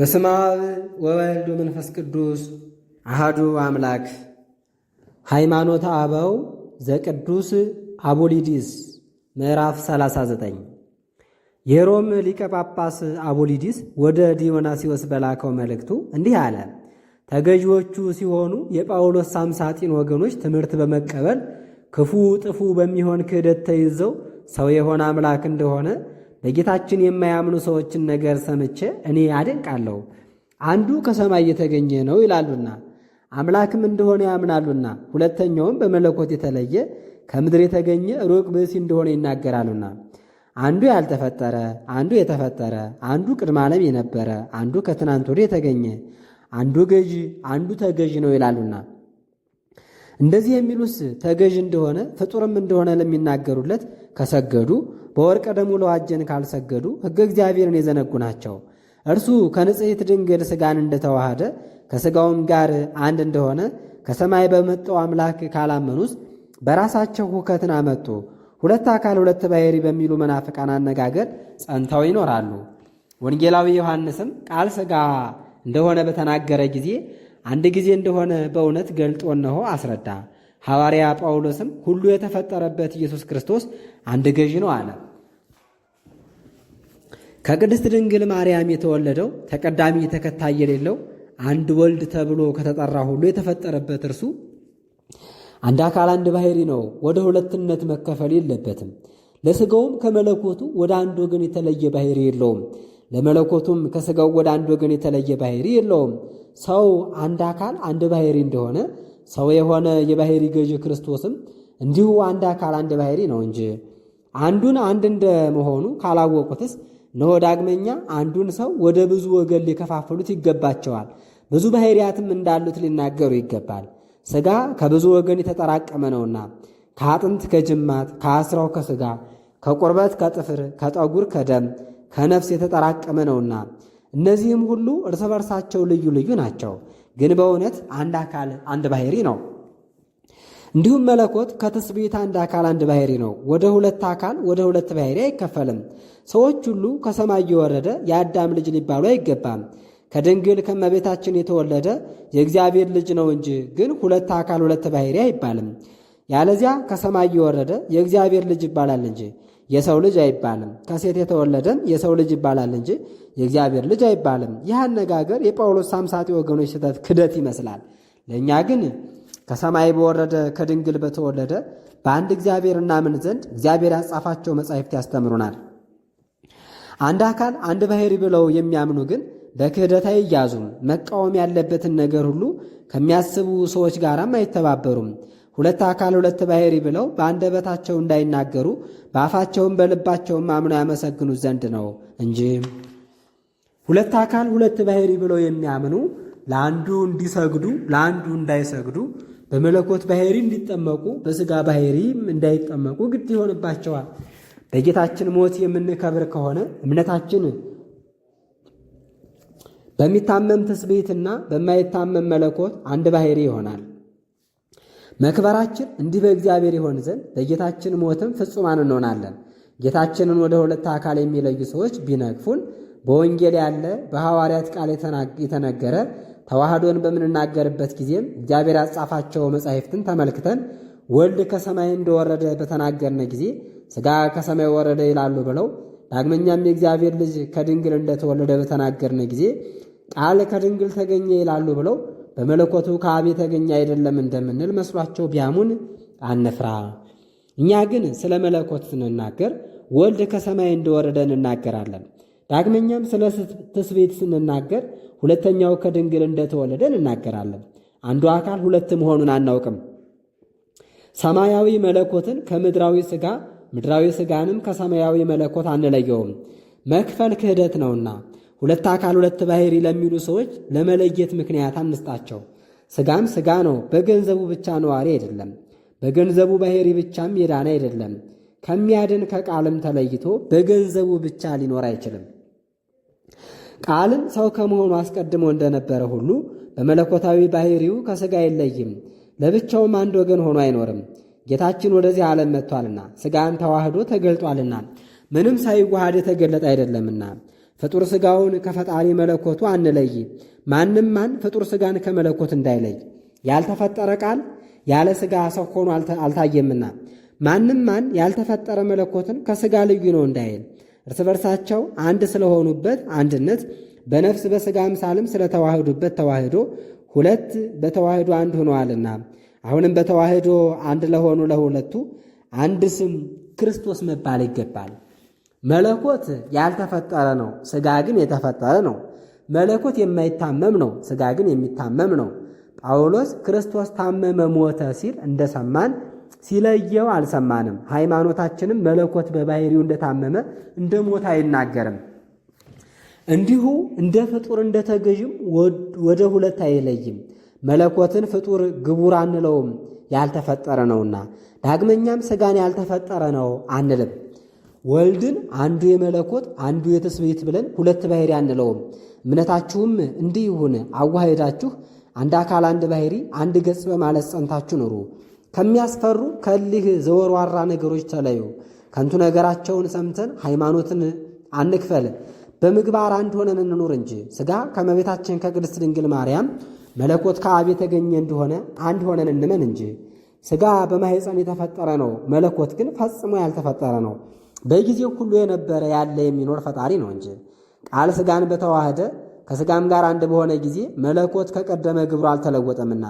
በስመ አብ ወወልድ ወመንፈስ ቅዱስ አሃዱ አምላክ። ሃይማኖተ አበው ዘቅዱስ አቦሊዲስ ምዕራፍ 39 የሮም ሊቀ ጳጳስ አቦሊዲስ ወደ ዲዮናሲዎስ በላከው መልእክቱ እንዲህ አለ። ተገዢዎቹ ሲሆኑ የጳውሎስ ሳምሳጢን ወገኖች ትምህርት በመቀበል ክፉ ጥፉ በሚሆን ክህደት ተይዘው ሰው የሆነ አምላክ እንደሆነ በጌታችን የማያምኑ ሰዎችን ነገር ሰምቼ እኔ አደንቃለሁ። አንዱ ከሰማይ የተገኘ ነው ይላሉና አምላክም እንደሆነ ያምናሉና፣ ሁለተኛውም በመለኮት የተለየ ከምድር የተገኘ ሩቅ ብእሲ እንደሆነ ይናገራሉና አንዱ ያልተፈጠረ አንዱ የተፈጠረ አንዱ ቅድመ ዓለም የነበረ አንዱ ከትናንት ወዲህ የተገኘ አንዱ ገዢ አንዱ ተገዥ ነው ይላሉና እንደዚህ የሚሉስ ተገዥ እንደሆነ ፍጡርም እንደሆነ ለሚናገሩለት ከሰገዱ በወርቀ ደሙ ለዋጀን ካልሰገዱ ሕገ እግዚአብሔርን የዘነጉ ናቸው። እርሱ ከንጽሕት ድንግል ሥጋን እንደተዋሃደ ከሥጋውም ጋር አንድ እንደሆነ ከሰማይ በመጣው አምላክ ካላመኑስ በራሳቸው ሁከትን አመጡ። ሁለት አካል ሁለት ባሔሪ በሚሉ መናፍቃን አነጋገር ጸንተው ይኖራሉ። ወንጌላዊ ዮሐንስም ቃል ሥጋ እንደሆነ በተናገረ ጊዜ አንድ ጊዜ እንደሆነ በእውነት ገልጦ እነሆ አስረዳ። ሐዋርያ ጳውሎስም ሁሉ የተፈጠረበት ኢየሱስ ክርስቶስ አንድ ገዢ ነው አለ። ከቅድስት ድንግል ማርያም የተወለደው ተቀዳሚ ተከታይ የሌለው አንድ ወልድ ተብሎ ከተጠራ ሁሉ የተፈጠረበት እርሱ አንድ አካል አንድ ባህሪ ነው። ወደ ሁለትነት መከፈል የለበትም። ለሥጋውም ከመለኮቱ ወደ አንድ ወገን የተለየ ባህሪ የለውም። ለመለኮቱም ከሥጋው ወደ አንድ ወገን የተለየ ባህሪ የለውም። ሰው አንድ አካል አንድ ባህሪ እንደሆነ ሰው የሆነ የባህሪ ገዥ ክርስቶስም እንዲሁ አንድ አካል አንድ ባህሪ ነው እንጂ አንዱን አንድ እንደመሆኑ ካላወቁትስ እነሆ ዳግመኛ አንዱን ሰው ወደ ብዙ ወገን ሊከፋፈሉት ይገባቸዋል። ብዙ ባሕርያትም እንዳሉት ሊናገሩ ይገባል። ሥጋ ከብዙ ወገን የተጠራቀመ ነውና ከአጥንት ከጅማት፣ ከአስራው ከሥጋ፣ ከቁርበት ከጥፍር፣ ከጠጉር ከደም፣ ከነፍስ የተጠራቀመ ነውና እነዚህም ሁሉ እርስ በርሳቸው ልዩ ልዩ ናቸው። ግን በእውነት አንድ አካል አንድ ባህሪ ነው። እንዲሁም መለኮት ከትስብእት አንድ አካል አንድ ባህሪ ነው። ወደ ሁለት አካል ወደ ሁለት ባህሪ አይከፈልም። ሰዎች ሁሉ ከሰማይ የወረደ የአዳም ልጅ ሊባሉ አይገባም። ከድንግል ከመቤታችን የተወለደ የእግዚአብሔር ልጅ ነው እንጂ ግን ሁለት አካል ሁለት ባህሪ አይባልም። ያለዚያ ከሰማይ የወረደ የእግዚአብሔር ልጅ ይባላል እንጂ የሰው ልጅ አይባልም። ከሴት የተወለደም የሰው ልጅ ይባላል እንጂ የእግዚአብሔር ልጅ አይባልም። ይህ አነጋገር የጳውሎስ ሳምሳጢ ወገኖች ስህተት ክደት ይመስላል። ለእኛ ግን ከሰማይ በወረደ ከድንግል በተወለደ በአንድ እግዚአብሔር እናምን ዘንድ እግዚአብሔር ያጻፋቸው መጻሕፍት ያስተምሩናል። አንድ አካል አንድ ባሕሪ ብለው የሚያምኑ ግን በክህደት አይያዙም። መቃወም ያለበትን ነገር ሁሉ ከሚያስቡ ሰዎች ጋርም አይተባበሩም። ሁለት አካል ሁለት ባሕሪ ብለው በአንደበታቸው እንዳይናገሩ በአፋቸውም በልባቸውም አምነው ያመሰግኑት ዘንድ ነው እንጂ ሁለት አካል ሁለት ባሕሪ ብለው የሚያምኑ ለአንዱ እንዲሰግዱ ለአንዱ እንዳይሰግዱ በመለኮት ባህሪ እንዲጠመቁ በሥጋ ባህሪ እንዳይጠመቁ ግድ ይሆንባቸዋል። በጌታችን ሞት የምንከብር ከሆነ እምነታችን በሚታመም ትስብእትና በማይታመም መለኮት አንድ ባህሪ ይሆናል። መክበራችን እንዲህ በእግዚአብሔር ይሆን ዘንድ በጌታችን ሞትም ፍጹማን እንሆናለን። ጌታችንን ወደ ሁለት አካል የሚለዩ ሰዎች ቢነግፉን በወንጌል ያለ በሐዋርያት ቃል የተነገረ ተዋህዶን በምንናገርበት ጊዜም እግዚአብሔር ያጻፋቸው መጻሕፍትን ተመልክተን ወልድ ከሰማይ እንደወረደ በተናገርነ ጊዜ ሥጋ ከሰማይ ወረደ ይላሉ ብለው ዳግመኛም የእግዚአብሔር ልጅ ከድንግል እንደተወለደ በተናገርነ ጊዜ ቃል ከድንግል ተገኘ ይላሉ ብለው በመለኮቱ ከአብ የተገኘ አይደለም እንደምንል መስሏቸው ቢያሙን አነፍራ። እኛ ግን ስለ መለኮት ስንናገር ወልድ ከሰማይ እንደወረደ እንናገራለን። ዳግመኛም ስለ ትስቤት ስንናገር ሁለተኛው ከድንግል እንደተወለደ እንናገራለን። አንዱ አካል ሁለት መሆኑን አናውቅም። ሰማያዊ መለኮትን ከምድራዊ ሥጋ ምድራዊ ሥጋንም ከሰማያዊ መለኮት አንለየውም። መክፈል ክህደት ነውና ሁለት አካል ሁለት ባሕሪ ለሚሉ ሰዎች ለመለየት ምክንያት አንስጣቸው። ሥጋም ሥጋ ነው፣ በገንዘቡ ብቻ ነዋሪ አይደለም። በገንዘቡ ባሕሪ ብቻም የዳነ አይደለም። ከሚያድን ከቃልም ተለይቶ በገንዘቡ ብቻ ሊኖር አይችልም። ቃልም ሰው ከመሆኑ አስቀድሞ እንደነበረ ሁሉ በመለኮታዊ ባሕሪው ከሥጋ አይለይም፣ ለብቻውም አንድ ወገን ሆኖ አይኖርም። ጌታችን ወደዚህ ዓለም መጥቷልና ሥጋን ተዋህዶ ተገልጧልና ምንም ሳይዋሃድ የተገለጠ አይደለምና ፍጡር ሥጋውን ከፈጣሪ መለኮቱ አንለይ። ማንም ማን ፍጡር ሥጋን ከመለኮት እንዳይለይ ያልተፈጠረ ቃል ያለ ሥጋ ሰው ሆኖ አልታየምና ማንም ማን ያልተፈጠረ መለኮትን ከሥጋ ልዩ ነው እንዳይል እርስ በርሳቸው አንድ ስለሆኑበት አንድነት በነፍስ በሥጋ አምሳልም ስለተዋህዱበት ተዋህዶ ሁለት በተዋህዶ አንድ ሆነዋልና አሁንም በተዋህዶ አንድ ለሆኑ ለሁለቱ አንድ ስም ክርስቶስ መባል ይገባል። መለኮት ያልተፈጠረ ነው፣ ሥጋ ግን የተፈጠረ ነው። መለኮት የማይታመም ነው፣ ሥጋ ግን የሚታመም ነው። ጳውሎስ ክርስቶስ ታመመ፣ ሞተ ሲል እንደሰማን ሲለየው አልሰማንም። ሃይማኖታችንም መለኮት በባህሪው እንደታመመ እንደ ሞት አይናገርም። እንዲሁ እንደ ፍጡር እንደ ተገዥም ወደ ሁለት አይለይም። መለኮትን ፍጡር ግቡር አንለውም፣ ያልተፈጠረ ነውና። ዳግመኛም ሥጋን ያልተፈጠረ ነው አንልም። ወልድን አንዱ የመለኮት አንዱ የትስብእት ብለን ሁለት ባሕሪ አንለውም። እምነታችሁም እንዲህ ይሁን፣ አዋሄዳችሁ አንድ አካል አንድ ባህሪ አንድ ገጽ በማለት ጸንታችሁ ኑሩ። ከሚያስፈሩ ከእልህ ዘወርዋራ ነገሮች ተለዩ። ከንቱ ነገራቸውን ሰምተን ሃይማኖትን አንክፈል። በምግባር አንድ ሆነን እንኑር እንጂ ሥጋ ከመቤታችን ከቅድስት ድንግል ማርያም መለኮት ከአብ የተገኘ እንደሆነ አንድ ሆነን እንመን እንጂ ሥጋ በማኅፀን የተፈጠረ ነው፣ መለኮት ግን ፈጽሞ ያልተፈጠረ ነው። በጊዜው ሁሉ የነበረ ያለ የሚኖር ፈጣሪ ነው እንጂ ቃል ሥጋን በተዋህደ ከሥጋም ጋር አንድ በሆነ ጊዜ መለኮት ከቀደመ ግብሩ አልተለወጠምና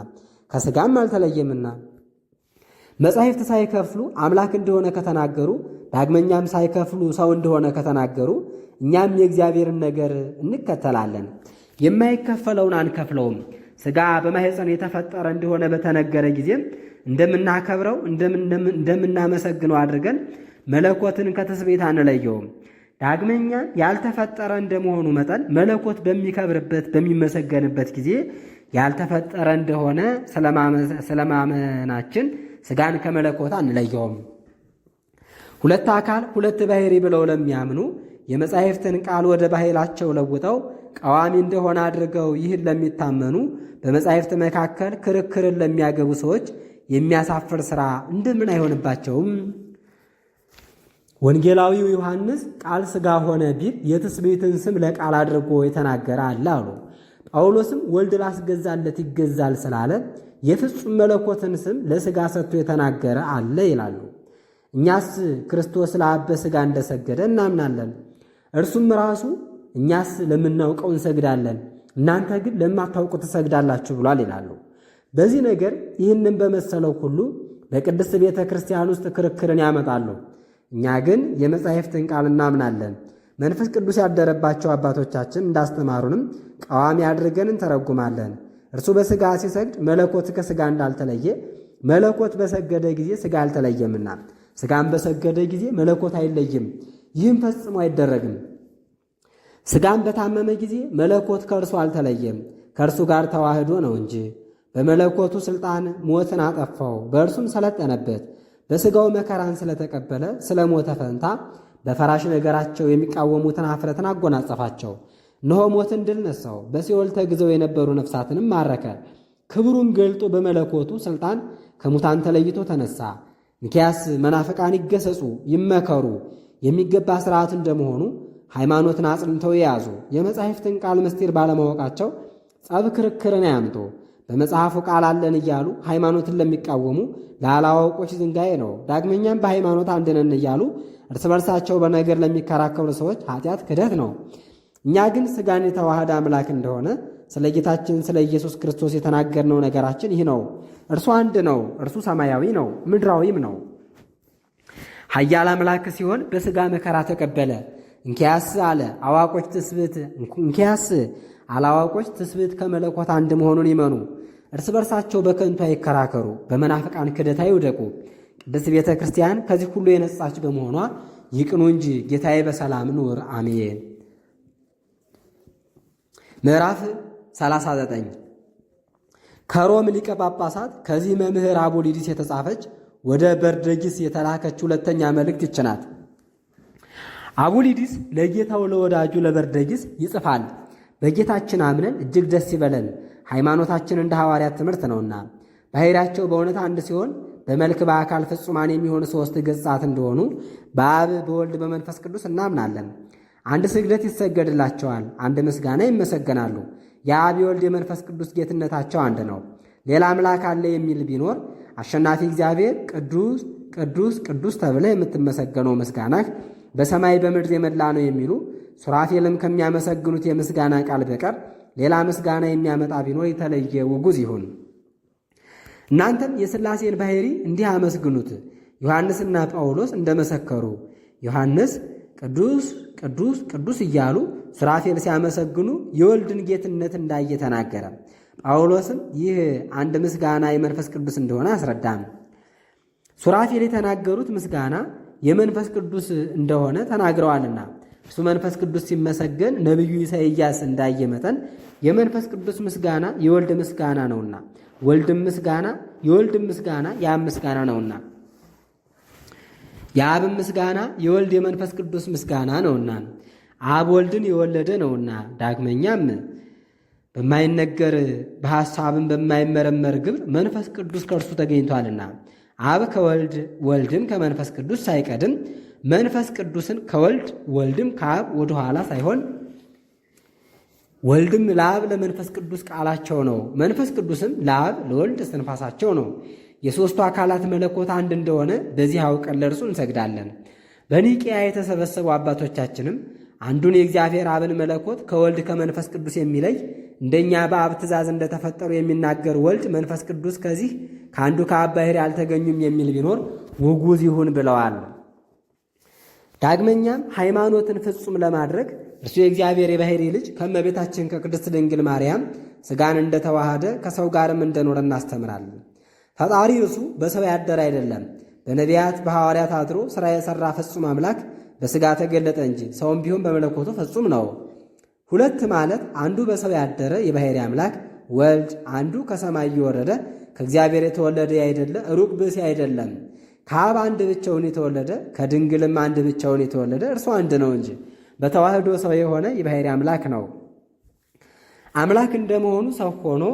ከሥጋም አልተለየምና መጻሕፍት ሳይከፍሉ አምላክ እንደሆነ ከተናገሩ፣ ዳግመኛም ሳይከፍሉ ሰው እንደሆነ ከተናገሩ እኛም የእግዚአብሔርን ነገር እንከተላለን፣ የማይከፈለውን አንከፍለውም። ሥጋ በማኅፀን የተፈጠረ እንደሆነ በተነገረ ጊዜም እንደምናከብረው እንደምናመሰግነው አድርገን መለኮትን ከተስቤት አንለየውም። ዳግመኛ ያልተፈጠረ እንደመሆኑ መጠን መለኮት በሚከብርበት በሚመሰገንበት ጊዜ ያልተፈጠረ እንደሆነ ስለማመናችን ስጋን ከመለኮት አንለየውም። ሁለት አካል ሁለት ባህሪ ብለው ለሚያምኑ የመጻሕፍትን ቃል ወደ ባሕላቸው ለውጠው ቃዋሚ እንደሆነ አድርገው ይህን ለሚታመኑ በመጻሕፍት መካከል ክርክርን ለሚያገቡ ሰዎች የሚያሳፍር ሥራ እንደምን አይሆንባቸውም? ወንጌላዊው ዮሐንስ ቃል ሥጋ ሆነ ቢል የትስብእትን ስም ለቃል አድርጎ የተናገረ አለ አሉ። ጳውሎስም ወልድ ላስገዛለት ይገዛል ስላለ የፍጹም መለኮትን ስም ለሥጋ ሰጥቶ የተናገረ አለ ይላሉ። እኛስ ክርስቶስ ለአበ ስጋ እንደሰገደ እናምናለን። እርሱም ራሱ እኛስ ለምናውቀው እንሰግዳለን፣ እናንተ ግን ለማታውቁ ትሰግዳላችሁ ብሏል ይላሉ። በዚህ ነገር ይህንን በመሰለው ሁሉ በቅድስት ቤተ ክርስቲያን ውስጥ ክርክርን ያመጣሉ። እኛ ግን የመጻሕፍትን ቃል እናምናለን። መንፈስ ቅዱስ ያደረባቸው አባቶቻችን እንዳስተማሩንም ቀዋሚ አድርገን እንተረጉማለን። እርሱ በሥጋ ሲሰግድ መለኮት ከሥጋ እንዳልተለየ መለኮት በሰገደ ጊዜ ሥጋ አልተለየምና ሥጋም በሰገደ ጊዜ መለኮት አይለይም። ይህም ፈጽሞ አይደረግም። ሥጋም በታመመ ጊዜ መለኮት ከእርሱ አልተለየም፣ ከእርሱ ጋር ተዋህዶ ነው እንጂ። በመለኮቱ ሥልጣን ሞትን አጠፋው፣ በእርሱም ሰለጠነበት። በሥጋው መከራን ስለተቀበለ ስለ ሞተ ፈንታ በፈራሽ ነገራቸው የሚቃወሙትን አፍረትን አጎናጸፋቸው። እነሆ ሞትን ድል ነሳው፣ በሲኦል ተግዘው የነበሩ ነፍሳትንም ማረከ። ክብሩን ገልጦ በመለኮቱ ሥልጣን ከሙታን ተለይቶ ተነሳ። ሚኪያስ መናፍቃን ይገሰጹ ይመከሩ፣ የሚገባ ሥርዓት እንደመሆኑ ሃይማኖትን አጽንተው የያዙ የመጻሕፍትን ቃል ምስጢር ባለማወቃቸው ጸብ ክርክርን ያምጡ። በመጽሐፉ ቃል አለን እያሉ ሃይማኖትን ለሚቃወሙ ላላዋውቆች ዝንጋይ ነው። ዳግመኛም በሃይማኖት አንድነን እያሉ እርስ በርሳቸው በነገር ለሚከራከሩ ሰዎች ኃጢአት ክደት ነው። እኛ ግን ሥጋን የተዋሃደ አምላክ እንደሆነ ስለ ጌታችን ስለ ኢየሱስ ክርስቶስ የተናገርነው ነገራችን ይህ ነው። እርሱ አንድ ነው። እርሱ ሰማያዊ ነው፣ ምድራዊም ነው። ኃያል አምላክ ሲሆን በሥጋ መከራ ተቀበለ። እንኪያስ አለ አዋቆች ትስብት እንኪያስ አላዋቆች ትስብት ከመለኮት አንድ መሆኑን ይመኑ። እርስ በርሳቸው በከንቱ አይከራከሩ፣ በመናፍቃን ክደት አይውደቁ። ቅድስት ቤተ ክርስቲያን ከዚህ ሁሉ የነጻች በመሆኗ ይቅኑ እንጂ ጌታዬ በሰላም ኑር አሜን። ምዕራፍ 39 ከሮም ሊቀ ጳጳሳት ከዚህ መምህር አቡሊዲስ የተጻፈች ወደ በርደጊስ የተላከች ሁለተኛ መልእክት ይችናት። አቡሊዲስ ለጌታው ለወዳጁ ለበርደጊስ ይጽፋል። በጌታችን አምነን እጅግ ደስ ይበለን። ሃይማኖታችን እንደ ሐዋርያት ትምህርት ነውና ባሕርያቸው በእውነት አንድ ሲሆን በመልክ በአካል ፍጹማን የሚሆኑ ሦስት ገጻት እንደሆኑ በአብ በወልድ በመንፈስ ቅዱስ እናምናለን። አንድ ስግደት ይሰገድላቸዋል፣ አንድ ምስጋና ይመሰገናሉ። የአብ የወልድ የመንፈስ ቅዱስ ጌትነታቸው አንድ ነው። ሌላ አምላክ አለ የሚል ቢኖር አሸናፊ እግዚአብሔር ቅዱስ ቅዱስ ቅዱስ ተብለ የምትመሰገነው ምስጋናህ በሰማይ በምድር የመላ ነው የሚሉ ሱራፌልም ከሚያመሰግኑት የምስጋና ቃል በቀር ሌላ ምስጋና የሚያመጣ ቢኖር የተለየ ውጉዝ ይሁን። እናንተም የሥላሴን ባሕሪ እንዲህ አመስግኑት፣ ዮሐንስና ጳውሎስ እንደመሰከሩ ዮሐንስ ቅዱስ ቅዱስ ቅዱስ እያሉ ሱራፌል ሲያመሰግኑ የወልድን ጌትነት እንዳየ ተናገረ። ጳውሎስም ይህ አንድ ምስጋና የመንፈስ ቅዱስ እንደሆነ አስረዳም። ሱራፌል የተናገሩት ምስጋና የመንፈስ ቅዱስ እንደሆነ ተናግረዋልና እሱ መንፈስ ቅዱስ ሲመሰገን ነቢዩ ኢሳይያስ እንዳየ መጠን የመንፈስ ቅዱስ ምስጋና የወልድ ምስጋና ነውና፣ ወልድም ምስጋና የወልድም ምስጋና ያም ምስጋና ነውና የአብን ምስጋና የወልድ የመንፈስ ቅዱስ ምስጋና ነውና አብ ወልድን የወለደ ነውና ዳግመኛም በማይነገር በሐሳብን በማይመረመር ግብር መንፈስ ቅዱስ ከእርሱ ተገኝቷልና አብ ከወልድ ወልድም ከመንፈስ ቅዱስ ሳይቀድም መንፈስ ቅዱስን ከወልድ ወልድም ከአብ ወደኋላ ሳይሆን ወልድም ለአብ ለመንፈስ ቅዱስ ቃላቸው ነው። መንፈስ ቅዱስም ለአብ ለወልድ እስትንፋሳቸው ነው። የሦስቱ አካላት መለኮት አንድ እንደሆነ በዚህ አውቀን ለእርሱ እንሰግዳለን። በኒቅያ የተሰበሰቡ አባቶቻችንም አንዱን የእግዚአብሔር አብን መለኮት ከወልድ ከመንፈስ ቅዱስ የሚለይ እንደኛ በአብ ትእዛዝ እንደተፈጠሩ የሚናገር ወልድ መንፈስ ቅዱስ ከዚህ ከአንዱ ከአብ ባሕርይ አልተገኙም የሚል ቢኖር ውጉዝ ይሁን ብለዋል። ዳግመኛም ሃይማኖትን ፍጹም ለማድረግ እርሱ የእግዚአብሔር የባሕርይ ልጅ ከእመቤታችን ከቅድስት ድንግል ማርያም ሥጋን እንደተዋሃደ ከሰው ጋርም እንደኖረ እናስተምራለን። ፈጣሪ እርሱ በሰው ያደረ አይደለም፣ በነቢያት በሐዋርያት አድሮ ሥራ የሠራ ፍጹም አምላክ በሥጋ ተገለጠ እንጂ ሰውም ቢሆን በመለኮቱ ፍጹም ነው። ሁለት ማለት አንዱ በሰው ያደረ የባሕርይ አምላክ ወልድ፣ አንዱ ከሰማይ የወረደ ከእግዚአብሔር የተወለደ አይደለ ሩቅ ብእሲ አይደለም። ከአብ አንድ ብቻውን የተወለደ ከድንግልም አንድ ብቻውን የተወለደ እርሱ አንድ ነው እንጂ በተዋህዶ ሰው የሆነ የባሕርይ አምላክ ነው። አምላክ እንደመሆኑ ሰው ሆኖ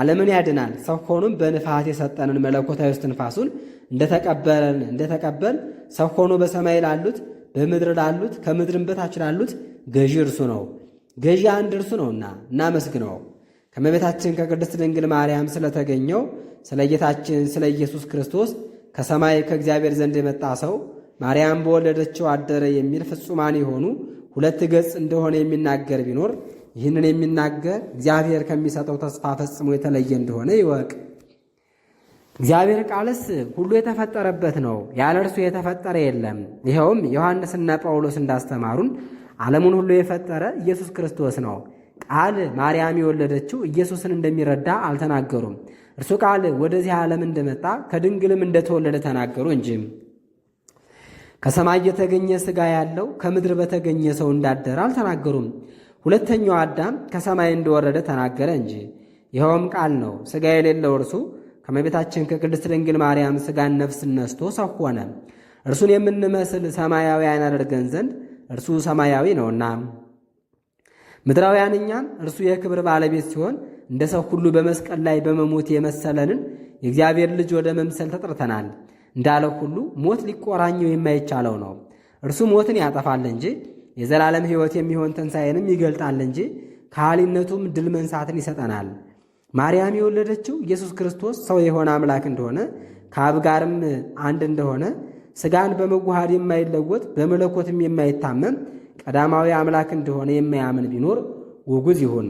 ዓለምን ያድናል። ሰው ሆኑም በንፋት የሰጠንን መለኮታዊ እስትንፋሱን እንደተቀበለን እንደተቀበል ሰው ሆኖ በሰማይ ላሉት በምድር ላሉት ከምድርም በታች ላሉት ገዢ እርሱ ነው። ገዢ አንድ እርሱ ነውና እናመስግነው። ከመቤታችን ከቅድስት ድንግል ማርያም ስለተገኘው ስለ ጌታችን ስለ ኢየሱስ ክርስቶስ ከሰማይ ከእግዚአብሔር ዘንድ የመጣ ሰው ማርያም በወለደችው አደረ የሚል ፍጹማን የሆኑ ሁለት ገጽ እንደሆነ የሚናገር ቢኖር ይህንን የሚናገር እግዚአብሔር ከሚሰጠው ተስፋ ፈጽሞ የተለየ እንደሆነ ይወቅ። እግዚአብሔር ቃልስ ሁሉ የተፈጠረበት ነው፣ ያለ እርሱ የተፈጠረ የለም። ይኸውም ዮሐንስና ጳውሎስ እንዳስተማሩን ዓለሙን ሁሉ የፈጠረ ኢየሱስ ክርስቶስ ነው። ቃል ማርያም የወለደችው ኢየሱስን እንደሚረዳ አልተናገሩም። እርሱ ቃል ወደዚህ ዓለም እንደመጣ ከድንግልም እንደተወለደ ተናገሩ እንጂ ከሰማይ የተገኘ ሥጋ ያለው ከምድር በተገኘ ሰው እንዳደረ አልተናገሩም። ሁለተኛው አዳም ከሰማይ እንደወረደ ተናገረ እንጂ። ይኸውም ቃል ነው፣ ሥጋ የሌለው እርሱ ከመቤታችን ከቅድስት ድንግል ማርያም ሥጋን ነፍስ ነስቶ ሰው ሆነ። እርሱን የምንመስል ሰማያውያን አደርገን ዘንድ እርሱ ሰማያዊ ነውና፣ ምድራውያን እርሱ የክብር ባለቤት ሲሆን እንደ ሰው ሁሉ በመስቀል ላይ በመሞት የመሰለንን የእግዚአብሔር ልጅ ወደ መምሰል ተጠርተናል። እንዳለው ሁሉ ሞት ሊቆራኘው የማይቻለው ነው። እርሱ ሞትን ያጠፋል እንጂ የዘላለም ሕይወት የሚሆን ትንሣኤንም ይገልጣል እንጂ ከሃሊነቱም ድል መንሳትን ይሰጠናል። ማርያም የወለደችው ኢየሱስ ክርስቶስ ሰው የሆነ አምላክ እንደሆነ ከአብ ጋርም አንድ እንደሆነ ሥጋን በመዋሃድ የማይለወጥ በመለኮትም የማይታመም ቀዳማዊ አምላክ እንደሆነ የማያምን ቢኖር ውጉዝ ይሁን።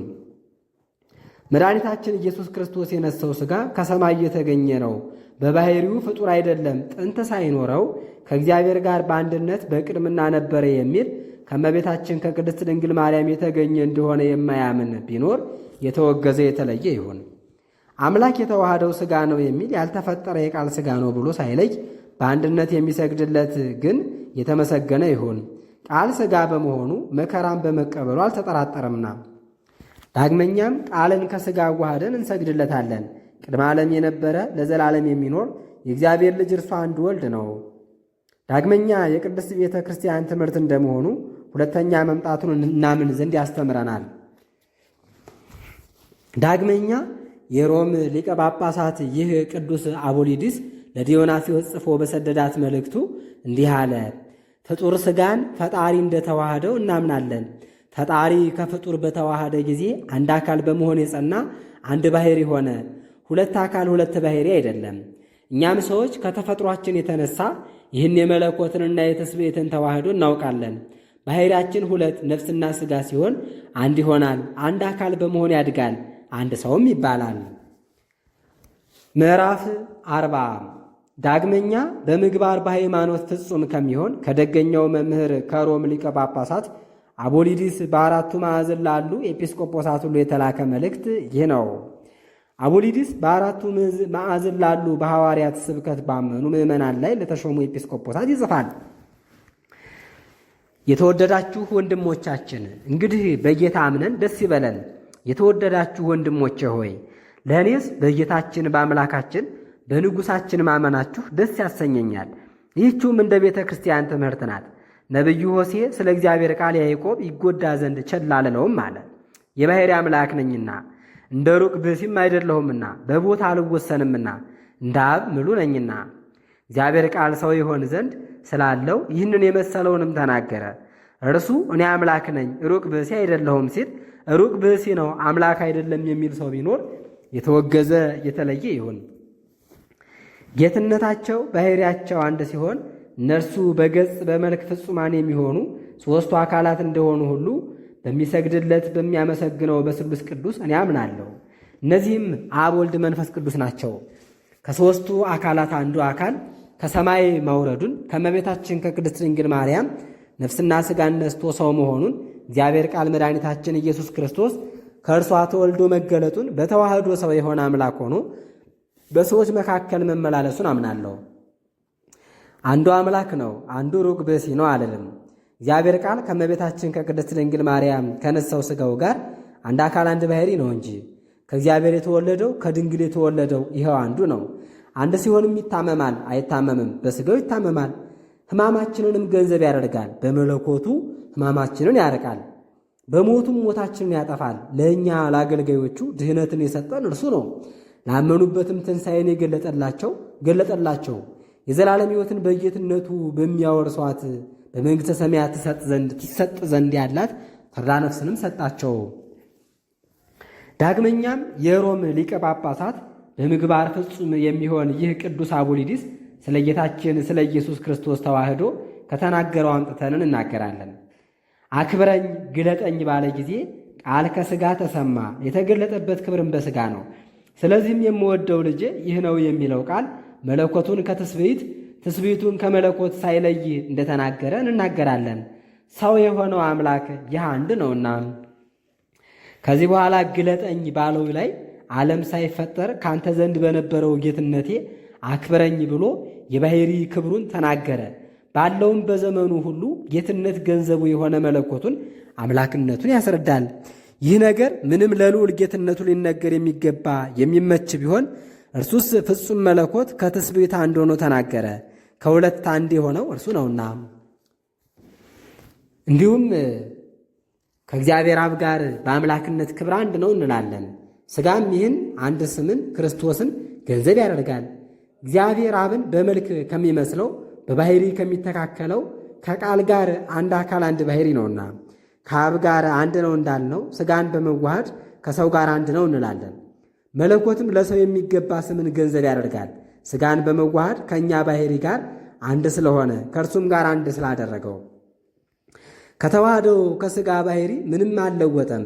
መድኃኒታችን ኢየሱስ ክርስቶስ የነሳው ሥጋ ከሰማይ የተገኘ ነው። በባሕሪው ፍጡር አይደለም። ጥንት ሳይኖረው ከእግዚአብሔር ጋር በአንድነት በቅድምና ነበረ የሚል ከመቤታችን ከቅድስት ድንግል ማርያም የተገኘ እንደሆነ የማያምን ቢኖር የተወገዘ የተለየ ይሁን። አምላክ የተዋህደው ሥጋ ነው የሚል ያልተፈጠረ የቃል ሥጋ ነው ብሎ ሳይለይ በአንድነት የሚሰግድለት ግን የተመሰገነ ይሁን። ቃል ሥጋ በመሆኑ መከራን በመቀበሉ አልተጠራጠረምና። ዳግመኛም ቃልን ከሥጋ ዋህደን እንሰግድለታለን። ቅድመ ዓለም የነበረ ለዘላለም የሚኖር የእግዚአብሔር ልጅ እርሱ አንድ ወልድ ነው። ዳግመኛ የቅድስት ቤተ ክርስቲያን ትምህርት እንደመሆኑ ሁለተኛ መምጣቱን እናምን ዘንድ ያስተምረናል። ዳግመኛ የሮም ሊቀ ጳጳሳት ይህ ቅዱስ አቦሊዲስ ለዲዮናስዮስ ጽፎ በሰደዳት መልእክቱ እንዲህ አለ። ፍጡር ሥጋን ፈጣሪ እንደተዋህደው እናምናለን። ፈጣሪ ከፍጡር በተዋህደ ጊዜ አንድ አካል በመሆን የጸና አንድ ባሄር የሆነ ሁለት አካል ሁለት ባሕሪ አይደለም። እኛም ሰዎች ከተፈጥሯችን የተነሳ ይህን የመለኮትንና የተስብእትን ተዋህዶ እናውቃለን። ባሕርያችን ሁለት ነፍስና ሥጋ ሲሆን አንድ ይሆናል። አንድ አካል በመሆን ያድጋል። አንድ ሰውም ይባላል። ምዕራፍ አርባ ዳግመኛ በምግባር በሃይማኖት ፍጹም ከሚሆን ከደገኛው መምህር ከሮም ሊቀ ጳጳሳት አቦሊዲስ በአራቱ ማዕዘን ላሉ ኤጲስቆጶሳት ሁሉ የተላከ መልእክት ይህ ነው። አቦሊዲስ በአራቱ ማዕዘን ላሉ በሐዋርያት ስብከት ባመኑ ምዕመናን ላይ ለተሾሙ ኤጲስቆጶሳት ይጽፋል። የተወደዳችሁ ወንድሞቻችን እንግዲህ በጌታ አምነን ደስ ይበለን። የተወደዳችሁ ወንድሞቼ ሆይ ለእኔስ በጌታችን በአምላካችን በንጉሳችን ማመናችሁ ደስ ያሰኘኛል። ይህችውም እንደ ቤተ ክርስቲያን ትምህርት ናት። ነቢዩ ሆሴ ስለ እግዚአብሔር ቃል ያዕቆብ ይጎዳ ዘንድ ቸል አልለውም አለ። የባሕሪ አምላክ ነኝና እንደ ሩቅ ብእሲም አይደለሁምና በቦታ አልወሰንምና እንደ አብ ምሉ ነኝና እግዚአብሔር ቃል ሰው ይሆን ዘንድ ስላለው ይህንን የመሰለውንም ተናገረ። እርሱ እኔ አምላክ ነኝ ሩቅ ብእሲ አይደለሁም ሲል ሩቅ ብእሲ ነው አምላክ አይደለም የሚል ሰው ቢኖር የተወገዘ የተለየ ይሁን። ጌትነታቸው ባሕርያቸው አንድ ሲሆን እነርሱ በገጽ በመልክ ፍጹማን የሚሆኑ ሦስቱ አካላት እንደሆኑ ሁሉ በሚሰግድለት በሚያመሰግነው በስሉስ ቅዱስ እኔ አምናለሁ። እነዚህም አብ፣ ወልድ፣ መንፈስ ቅዱስ ናቸው። ከሦስቱ አካላት አንዱ አካል ከሰማይ መውረዱን ከመቤታችን ከቅድስት ድንግል ማርያም ነፍስና ሥጋን ነስቶ ሰው መሆኑን እግዚአብሔር ቃል መድኃኒታችን ኢየሱስ ክርስቶስ ከእርሷ ተወልዶ መገለጡን በተዋህዶ ሰው የሆነ አምላክ ሆኖ በሰዎች መካከል መመላለሱን አምናለሁ። አንዱ አምላክ ነው፣ አንዱ ሩቅ ብእሲ ነው አልልም። እግዚአብሔር ቃል ከመቤታችን ከቅድስት ድንግል ማርያም ከነሳው ሥጋው ጋር አንድ አካል አንድ ባሕሪ ነው እንጂ ከእግዚአብሔር የተወለደው ከድንግል የተወለደው ይኸው አንዱ ነው። አንድ ሲሆንም ይታመማል አይታመምም፣ በስጋው ይታመማል፣ ህማማችንንም ገንዘብ ያደርጋል፣ በመለኮቱ ህማማችንን ያርቃል፣ በሞቱም ሞታችንን ያጠፋል። ለእኛ ለአገልጋዮቹ ድህነትን የሰጠን እርሱ ነው። ላመኑበትም ትንሣኤን የገለጠላቸው ገለጠላቸው የዘላለም ሕይወትን በጌትነቱ በሚያወርሷት በመንግሥተ ሰማያት ትሰጥ ዘንድ ያላት ተድላ ነፍስንም ሰጣቸው። ዳግመኛም የሮም ሊቀ ጳጳሳት በምግባር ፍጹም የሚሆን ይህ ቅዱስ አቡሊዲስ ስለ ጌታችን ስለ ኢየሱስ ክርስቶስ ተዋህዶ ከተናገረው አምጥተንን እናገራለን። አክብረኝ ግለጠኝ ባለ ጊዜ ቃል ከሥጋ ተሰማ። የተገለጠበት ክብርን በሥጋ ነው። ስለዚህም የምወደው ልጄ ይህ ነው የሚለው ቃል መለኮቱን ከትስብእት ትስብእቱን ከመለኮት ሳይለይ እንደተናገረ እንናገራለን። ሰው የሆነው አምላክ ይህ አንድ ነውና ከዚህ በኋላ ግለጠኝ ባለው ላይ ዓለም ሳይፈጠር ካንተ ዘንድ በነበረው ጌትነቴ አክብረኝ ብሎ የባሕሪ ክብሩን ተናገረ። ባለውም በዘመኑ ሁሉ ጌትነት ገንዘቡ የሆነ መለኮቱን አምላክነቱን ያስረዳል። ይህ ነገር ምንም ለልዑል ጌትነቱ ሊነገር የሚገባ የሚመች ቢሆን እርሱስ ፍጹም መለኮት ከትስብእት አንድ ሆኖ ተናገረ። ከሁለት አንድ የሆነው እርሱ ነውና እንዲሁም ከእግዚአብሔር አብ ጋር በአምላክነት ክብር አንድ ነው እንላለን። ሥጋም ይህን አንድ ስምን ክርስቶስን ገንዘብ ያደርጋል። እግዚአብሔር አብን በመልክ ከሚመስለው በባሕሪ ከሚተካከለው ከቃል ጋር አንድ አካል አንድ ባሕሪ ነውና ከአብ ጋር አንድ ነው እንዳልነው ሥጋን በመዋሃድ ከሰው ጋር አንድ ነው እንላለን። መለኮትም ለሰው የሚገባ ስምን ገንዘብ ያደርጋል። ሥጋን በመዋሃድ ከእኛ ባሕሪ ጋር አንድ ስለሆነ ከእርሱም ጋር አንድ ስላደረገው ከተዋህደው ከሥጋ ባሕሪ ምንም አልለወጠም።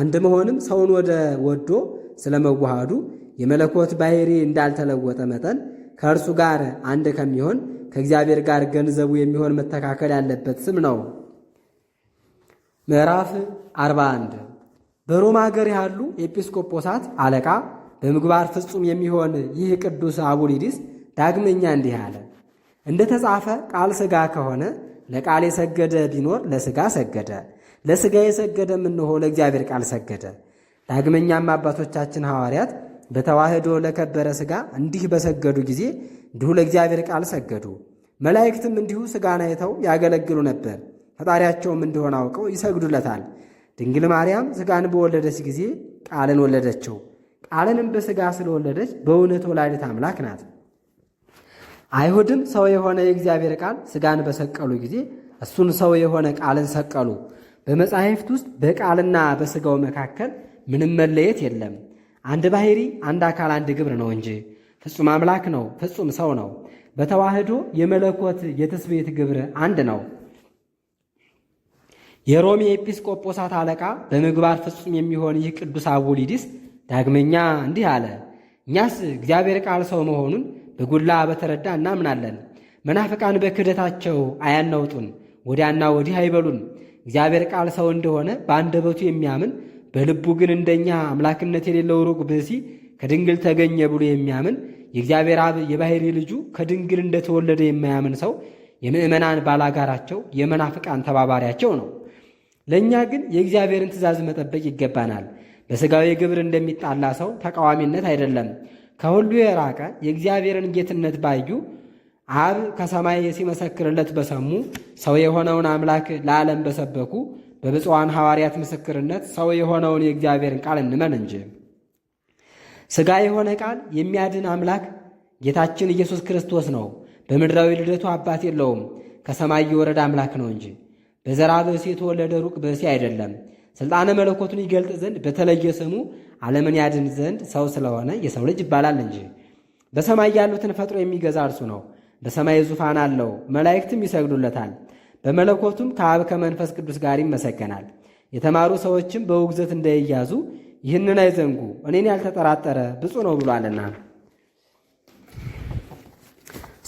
አንድ መሆንም ሰውን ወደ ወዶ ስለመዋሃዱ የመለኮት ባህሪ እንዳልተለወጠ መጠን ከእርሱ ጋር አንድ ከሚሆን ከእግዚአብሔር ጋር ገንዘቡ የሚሆን መተካከል ያለበት ስም ነው። ምዕራፍ 41 በሮማ ሀገር ያሉ ኤጲስቆጶሳት አለቃ በምግባር ፍጹም የሚሆን ይህ ቅዱስ አቡሊዲስ ዳግመኛ እንዲህ አለ። እንደ ተጻፈ ቃል ሥጋ ከሆነ ለቃል የሰገደ ቢኖር ለሥጋ ሰገደ ለሥጋ የሰገደ ምንሆ ለእግዚአብሔር ቃል ሰገደ። ዳግመኛም አባቶቻችን ሐዋርያት በተዋህዶ ለከበረ ሥጋ እንዲህ በሰገዱ ጊዜ እንዲሁ ለእግዚአብሔር ቃል ሰገዱ። መላእክትም እንዲሁ ሥጋን አይተው ያገለግሉ ነበር፣ ፈጣሪያቸውም እንደሆነ አውቀው ይሰግዱለታል። ድንግል ማርያም ሥጋን በወለደች ጊዜ ቃልን ወለደችው። ቃልንም በሥጋ ስለወለደች በእውነት ወላዲት አምላክ ናት። አይሁድም ሰው የሆነ የእግዚአብሔር ቃል ሥጋን በሰቀሉ ጊዜ እሱን ሰው የሆነ ቃልን ሰቀሉ። በመጻሕፍት ውስጥ በቃልና በሥጋው መካከል ምንም መለየት የለም። አንድ ባሕሪ፣ አንድ አካል፣ አንድ ግብር ነው እንጂ ፍጹም አምላክ ነው፣ ፍጹም ሰው ነው። በተዋህዶ የመለኮት የትስብእት ግብር አንድ ነው። የሮሜ ኤጲስቆጶሳት አለቃ በምግባር ፍጹም የሚሆን ይህ ቅዱስ አቡሊዲስ ዳግመኛ እንዲህ አለ። እኛስ እግዚአብሔር ቃል ሰው መሆኑን በጉላ በተረዳ እናምናለን። መናፍቃን በክህደታቸው አያናውጡን፣ ወዲያና ወዲህ አይበሉን። እግዚአብሔር ቃል ሰው እንደሆነ በአንደበቱ የሚያምን በልቡ ግን እንደኛ አምላክነት የሌለው ሩቅ ብእሲ ከድንግል ተገኘ ብሎ የሚያምን የእግዚአብሔር አብ የባሕሪ ልጁ ከድንግል እንደተወለደ የማያምን ሰው የምእመናን ባላጋራቸው፣ የመናፍቃን ተባባሪያቸው ነው። ለእኛ ግን የእግዚአብሔርን ትእዛዝ መጠበቅ ይገባናል። በሥጋዊ ግብር እንደሚጣላ ሰው ተቃዋሚነት አይደለም። ከሁሉ የራቀ የእግዚአብሔርን ጌትነት ባዩ አብ ከሰማይ ሲመሰክርለት በሰሙ ሰው የሆነውን አምላክ ለዓለም በሰበኩ በብፁዓን ሐዋርያት ምስክርነት ሰው የሆነውን የእግዚአብሔርን ቃል እንመን እንጂ። ሥጋ የሆነ ቃል የሚያድን አምላክ ጌታችን ኢየሱስ ክርስቶስ ነው። በምድራዊ ልደቱ አባት የለውም፣ ከሰማይ የወረደ አምላክ ነው እንጂ። በዘራ ብእሴ የተወለደ ሩቅ ብእሴ አይደለም። ሥልጣነ መለኮቱን ይገልጥ ዘንድ በተለየ ስሙ ዓለምን ያድን ዘንድ ሰው ስለሆነ የሰው ልጅ ይባላል እንጂ። በሰማይ ያሉትን ፈጥሮ የሚገዛ እርሱ ነው። በሰማይ ዙፋን አለው፣ መላእክትም ይሰግዱለታል። በመለኮቱም ከአብ ከመንፈስ ቅዱስ ጋር ይመሰገናል። የተማሩ ሰዎችም በውግዘት እንዳይያዙ ይህንን አይዘንጉ፣ እኔን ያልተጠራጠረ ብፁ ነው ብሏልና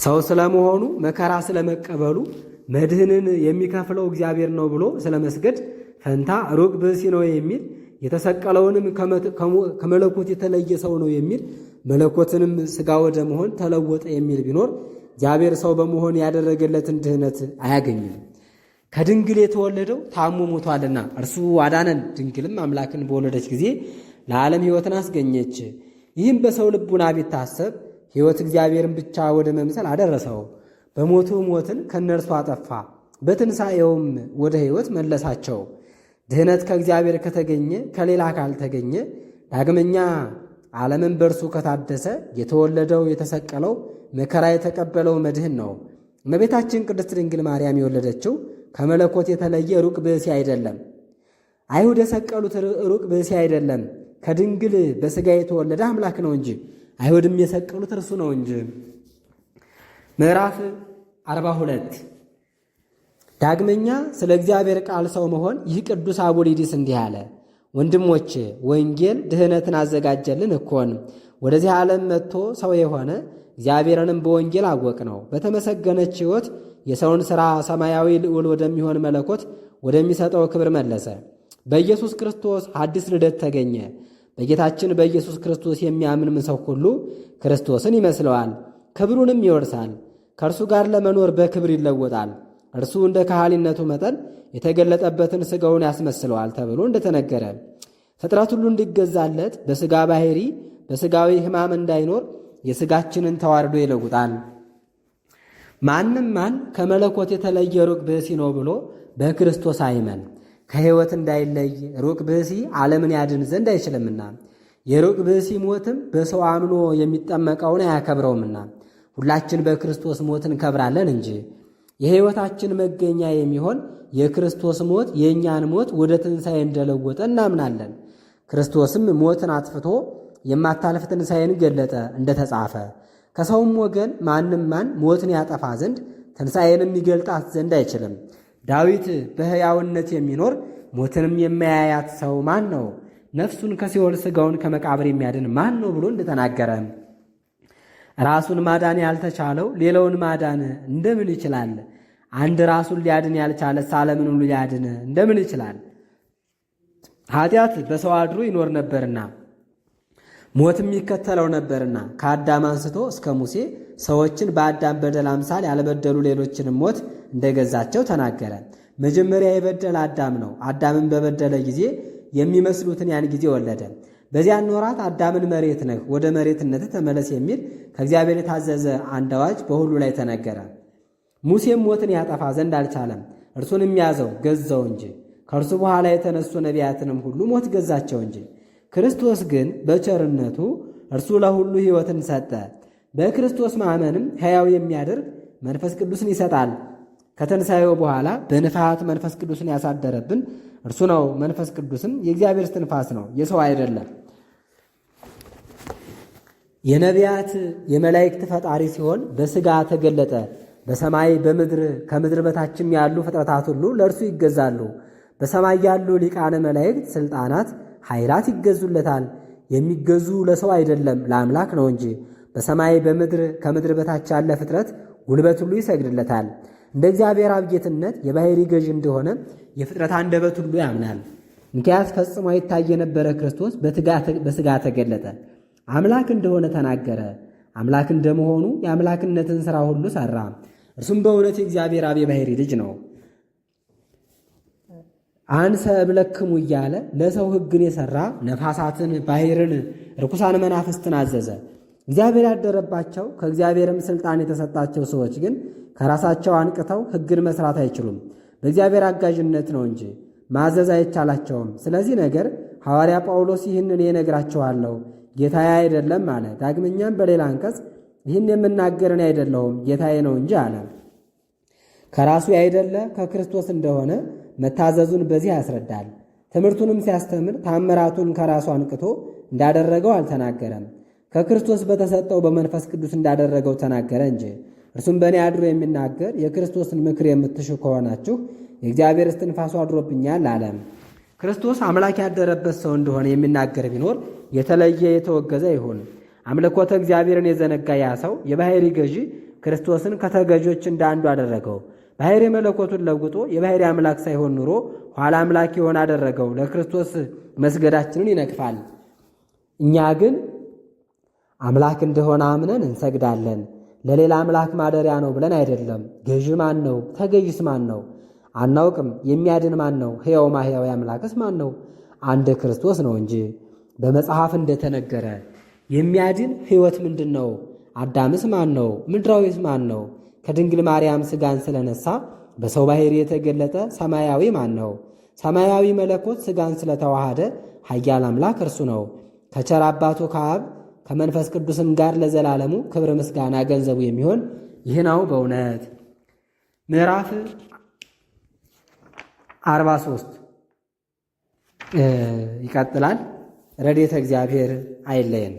ሰው ስለመሆኑ መከራ ስለመቀበሉ መድህንን የሚከፍለው እግዚአብሔር ነው ብሎ ስለመስገድ ፈንታ ሩቅ ብእሲ ነው የሚል የተሰቀለውንም ከመለኮት የተለየ ሰው ነው የሚል መለኮትንም ሥጋ ወደ መሆን ተለወጠ የሚል ቢኖር እግዚአብሔር ሰው በመሆን ያደረገለትን ድህነት አያገኝም። ከድንግል የተወለደው ታሞ ሞቷልና እርሱ አዳነን። ድንግልም አምላክን በወለደች ጊዜ ለዓለም ሕይወትን አስገኘች። ይህም በሰው ልቡና ቢታሰብ ሕይወት እግዚአብሔርን ብቻ ወደ መምሰል አደረሰው። በሞቱ ሞትን ከእነርሱ አጠፋ፣ በትንሣኤውም ወደ ሕይወት መለሳቸው። ድህነት ከእግዚአብሔር ከተገኘ ከሌላ ካልተገኘ ዳግመኛ ዓለምን በእርሱ ከታደሰ የተወለደው የተሰቀለው መከራ የተቀበለው መድህን ነው። እመቤታችን ቅድስት ድንግል ማርያም የወለደችው ከመለኮት የተለየ ሩቅ ብእሲ አይደለም። አይሁድ የሰቀሉት ሩቅ ብእሲ አይደለም። ከድንግል በሥጋ የተወለደ አምላክ ነው እንጂ አይሁድም የሰቀሉት እርሱ ነው እንጂ። ምዕራፍ 42 ዳግመኛ ስለ እግዚአብሔር ቃል ሰው መሆን ይህ ቅዱስ አቡሊዲስ እንዲህ አለ። ወንድሞቼ ወንጌል ድህነትን አዘጋጀልን እኮን ወደዚህ ዓለም መጥቶ ሰው የሆነ እግዚአብሔርንም በወንጌል አወቅ ነው። በተመሰገነች ሕይወት የሰውን ሥራ ሰማያዊ ልዑል ወደሚሆን መለኮት ወደሚሰጠው ክብር መለሰ። በኢየሱስ ክርስቶስ አዲስ ልደት ተገኘ። በጌታችን በኢየሱስ ክርስቶስ የሚያምን ሰው ሁሉ ክርስቶስን ይመስለዋል፣ ክብሩንም ይወርሳል። ከእርሱ ጋር ለመኖር በክብር ይለወጣል። እርሱ እንደ ካህሊነቱ መጠን የተገለጠበትን ሥጋውን ያስመስለዋል ተብሎ እንደተነገረ ፍጥረት ሁሉ እንዲገዛለት በሥጋ ባሕሪ በሥጋዊ ሕማም እንዳይኖር የሥጋችንን ተዋርዶ ይለውጣል። ማንም ማን ከመለኮት የተለየ ሩቅ ብእሲ ነው ብሎ በክርስቶስ አይመን ከሕይወት እንዳይለይ ሩቅ ብእሲ ዓለምን ያድን ዘንድ አይችልምና የሩቅ ብእሲ ሞትም በሰው አምኖ የሚጠመቀውን አያከብረውምና ሁላችን በክርስቶስ ሞት እንከብራለን እንጂ የሕይወታችን መገኛ የሚሆን የክርስቶስ ሞት የእኛን ሞት ወደ ትንሣኤ እንደለወጠ እናምናለን። ክርስቶስም ሞትን አጥፍቶ የማታልፍ ትንሣኤን ገለጠ ተጻፈ። ከሰውም ወገን ማንም ማን ሞትን ያጠፋ ዘንድ ትንሣኤንም ይገልጣት ዘንድ አይችልም። ዳዊት በሕያውነት የሚኖር ሞትንም የማያያት ሰው ማን ነው? ነፍሱን ከሲኦል ሥጋውን ከመቃብር የሚያድን ማን ነው ብሎ እንደተናገረ ራሱን ማዳን ያልተቻለው ሌላውን ማዳን እንደምን ይችላል? አንድ ራሱን ሊያድን ያልቻለ ዓለምን ሁሉ ሊያድን እንደምን ይችላል? ኃጢአት በሰው አድሮ ይኖር ነበርና ሞትም ይከተለው ነበርና ከአዳም አንስቶ እስከ ሙሴ ሰዎችን በአዳም በደል አምሳል ያልበደሉ ሌሎችንም ሞት እንደገዛቸው ተናገረ። መጀመሪያ የበደለ አዳም ነው። አዳምን በበደለ ጊዜ የሚመስሉትን ያን ጊዜ ወለደ። በዚያን ወራት አዳምን መሬት ነህ፣ ወደ መሬትነት ተመለስ የሚል ከእግዚአብሔር የታዘዘ አንድ አዋጅ በሁሉ ላይ ተነገረ። ሙሴም ሞትን ያጠፋ ዘንድ አልቻለም፣ እርሱን የሚያዘው ገዛው እንጂ ከእርሱ በኋላ የተነሱ ነቢያትንም ሁሉ ሞት ገዛቸው እንጂ ክርስቶስ ግን በቸርነቱ እርሱ ለሁሉ ሕይወትን ሰጠ። በክርስቶስ ማመንም ሕያው የሚያደርግ መንፈስ ቅዱስን ይሰጣል። ከተንሣኤው በኋላ በንፋት መንፈስ ቅዱስን ያሳደረብን እርሱ ነው። መንፈስ ቅዱስም የእግዚአብሔር እስትንፋስ ነው፣ የሰው አይደለም። የነቢያት የመላእክት ፈጣሪ ሲሆን በሥጋ ተገለጠ። በሰማይ በምድር ከምድር በታችም ያሉ ፍጥረታት ሁሉ ለእርሱ ይገዛሉ። በሰማይ ያሉ ሊቃነ መላእክት ስልጣናት ኃይላት ይገዙለታል። የሚገዙ ለሰው አይደለም ለአምላክ ነው እንጂ። በሰማይ በምድር ከምድር በታች ያለ ፍጥረት ጉልበት ሁሉ ይሰግድለታል። እንደ እግዚአብሔር አብ ጌትነት የባሕሪ ገዥ እንደሆነ የፍጥረት አንደበት ሁሉ ያምናል። እንኪያስ ፈጽሞ ይታይ የነበረ ክርስቶስ በሥጋ ተገለጠ። አምላክ እንደሆነ ተናገረ። አምላክ እንደመሆኑ የአምላክነትን ሥራ ሁሉ ሠራ። እርሱም በእውነት የእግዚአብሔር አብ የባሕሪ ልጅ ነው። አንሰ እምለክሙ እያለ ለሰው ሕግን የሰራ ነፋሳትን፣ ባሕርን፣ ርኩሳን መናፍስትን አዘዘ። እግዚአብሔር ያደረባቸው ከእግዚአብሔርም ሥልጣን የተሰጣቸው ሰዎች ግን ከራሳቸው አንቅተው ሕግን መሥራት አይችሉም። በእግዚአብሔር አጋዥነት ነው እንጂ ማዘዝ አይቻላቸውም። ስለዚህ ነገር ሐዋርያ ጳውሎስ ይህን እኔ እነግራችኋለሁ ጌታዬ አይደለም አለ። ዳግመኛም በሌላ አንቀጽ ይህን የምናገር እኔ አይደለሁም ጌታዬ ነው እንጂ አለ። ከራሱ ያይደለ ከክርስቶስ እንደሆነ መታዘዙን በዚህ ያስረዳል። ትምህርቱንም ሲያስተምር ታምራቱን ከራሱ አንቅቶ እንዳደረገው አልተናገረም። ከክርስቶስ በተሰጠው በመንፈስ ቅዱስ እንዳደረገው ተናገረ እንጂ። እርሱም በእኔ አድሮ የሚናገር የክርስቶስን ምክር የምትሹ ከሆናችሁ የእግዚአብሔር እስትንፋሱ አድሮብኛል አለ። ክርስቶስ አምላክ ያደረበት ሰው እንደሆነ የሚናገር ቢኖር የተለየ የተወገዘ ይሁን። አምልኮተ እግዚአብሔርን የዘነጋ ያ ሰው የባሕሪ ገዢ ክርስቶስን ከተገዦች እንደ አንዱ አደረገው። ባሕሪ መለኮቱን ለውጦ የባሕሪ አምላክ ሳይሆን ኑሮ ኋላ አምላክ የሆነ አደረገው። ለክርስቶስ መስገዳችንን ይነቅፋል። እኛ ግን አምላክ እንደሆነ አምነን እንሰግዳለን። ለሌላ አምላክ ማደሪያ ነው ብለን አይደለም። ገዥ ማን ነው? ተገዥስ ማን ነው? አናውቅም። የሚያድን ማን ነው? ሕያው ማሕያዊ አምላክስ ማን ነው? አንድ ክርስቶስ ነው እንጂ በመጽሐፍ እንደተነገረ የሚያድን ሕይወት ምንድን ነው? አዳምስ ማን ነው? ምድራዊስ ማን ነው? ከድንግል ማርያም ሥጋን ስለነሳ በሰው ባህር የተገለጠ ሰማያዊ ማን ነው? ሰማያዊ መለኮት ሥጋን ስለተዋሃደ ኃያል አምላክ እርሱ ነው። ከቸር አባቱ ከአብ ከመንፈስ ቅዱስም ጋር ለዘላለሙ ክብር ምስጋና ገንዘቡ የሚሆን ይህ ነው በእውነት። ምዕራፍ 43 ይቀጥላል። ረድኤተ እግዚአብሔር አይለየን።